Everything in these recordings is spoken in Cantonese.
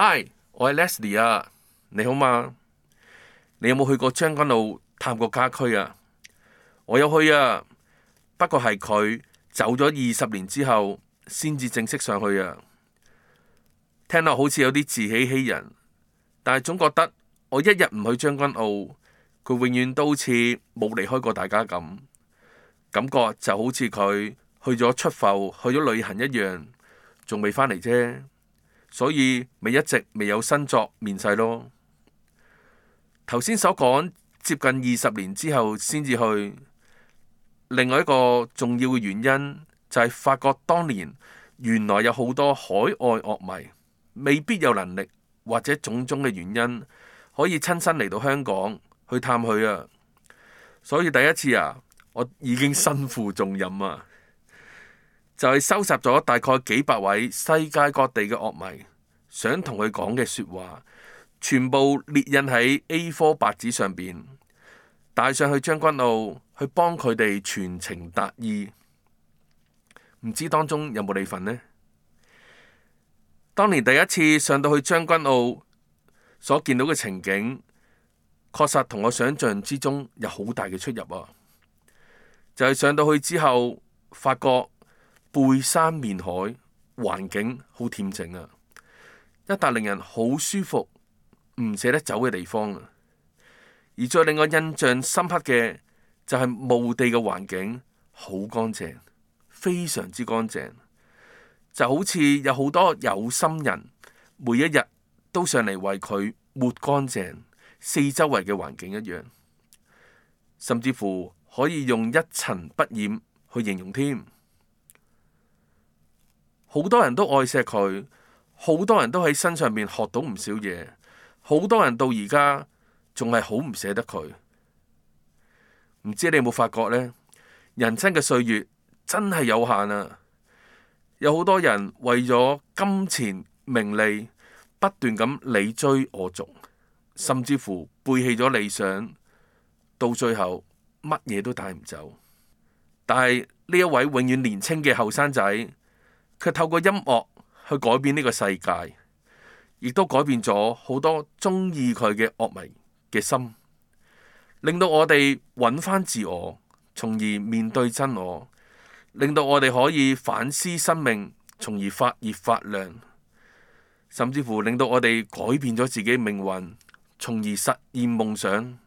Hi，我係 Leslie 啊，你好嗎？你有冇去過將軍澳探過家駒啊？我有去啊，不過係佢走咗二十年之後先至正式上去啊。聽落好似有啲自欺欺人，但係總覺得我一日唔去將軍澳，佢永遠都好似冇離開過大家咁，感覺就好似佢去咗出埠去咗旅行一樣，仲未返嚟啫。所以咪一直未有新作面世咯。頭先所講接近二十年之後先至去，另外一個重要嘅原因就係發覺當年原來有好多海外樂迷未必有能力或者種種嘅原因可以親身嚟到香港去探佢啊。所以第一次啊，我已經身負重任啊！就係收集咗大概幾百位世界各地嘅樂迷想同佢講嘅説話，全部列印喺 A4 白紙上邊，帶上去將軍澳去幫佢哋傳情達意。唔知當中有冇你份呢？當年第一次上到去將軍澳所見到嘅情景，確實同我想象之中有好大嘅出入。啊。就係、是、上到去之後，發覺。背山面海，環境好恬靜啊！一笪令人好舒服、唔捨得走嘅地方啊！而最令我印象深刻嘅就係、是、墓地嘅環境，好乾淨，非常之乾淨，就好似有好多有心人每一日都上嚟為佢抹乾淨四周圍嘅環境一樣，甚至乎可以用一塵不染去形容添。好多人都愛錫佢，好多人都喺身上面學到唔少嘢，好多人到而家仲係好唔捨得佢。唔知你有冇發覺呢？人生嘅歲月真係有限啊！有好多人為咗金錢名利，不斷咁你追我逐，甚至乎背棄咗理想，到最後乜嘢都帶唔走。但係呢一位永遠年輕嘅後生仔。佢透過音樂去改變呢個世界，亦都改變咗好多鍾意佢嘅樂迷嘅心，令到我哋搵返自我，從而面對真我，令到我哋可以反思生命，從而發熱發亮，甚至乎令到我哋改變咗自己命運，從而實現夢想。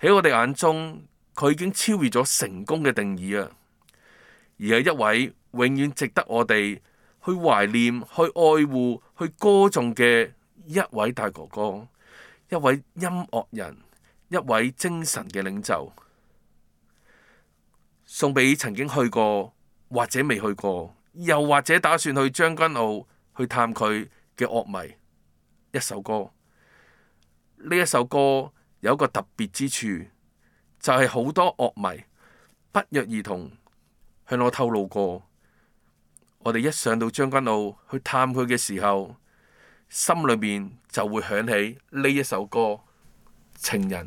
喺我哋眼中，佢已經超越咗成功嘅定義啊，而係一位，永遠值得我哋去懷念、去愛護、去歌頌嘅一位大哥哥，一位音樂人，一位精神嘅領袖。送俾曾經去過或者未去過，又或者打算去將軍澳去探佢嘅樂迷一首歌。呢一首歌有一個特別之處，就係、是、好多樂迷不約而同向我透露過。我哋一上到將軍澳去探佢嘅時候，心裏邊就會響起呢一首歌《情人》。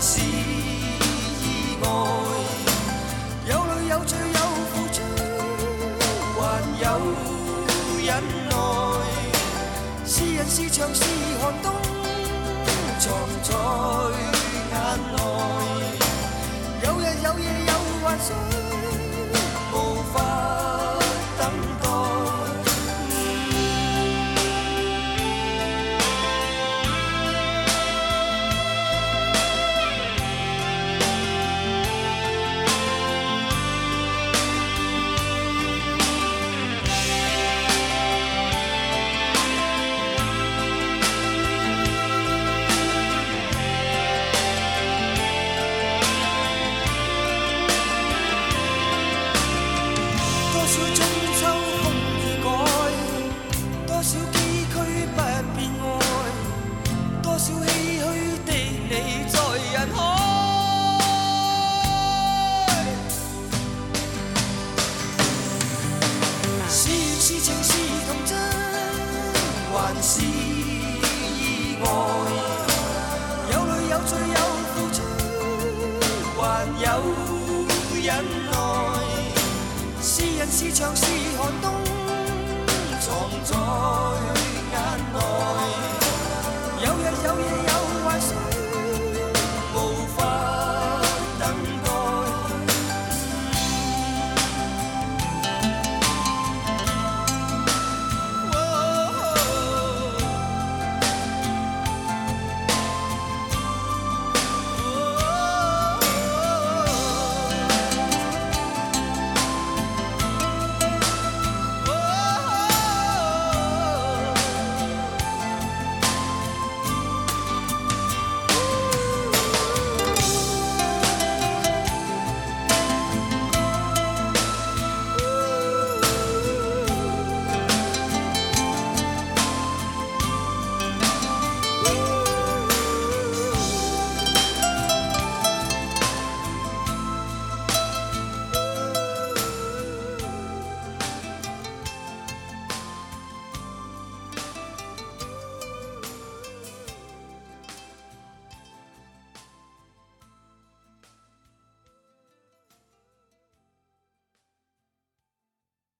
是意外？有淚，有罪有付出，還有忍耐。是人是牆，是寒冬，藏在眼內。唏噓的你在人海，是緣是情是童真，還是意外？有淚有罪有付出，還有忍耐。是人是牆是寒冬，藏在眼內。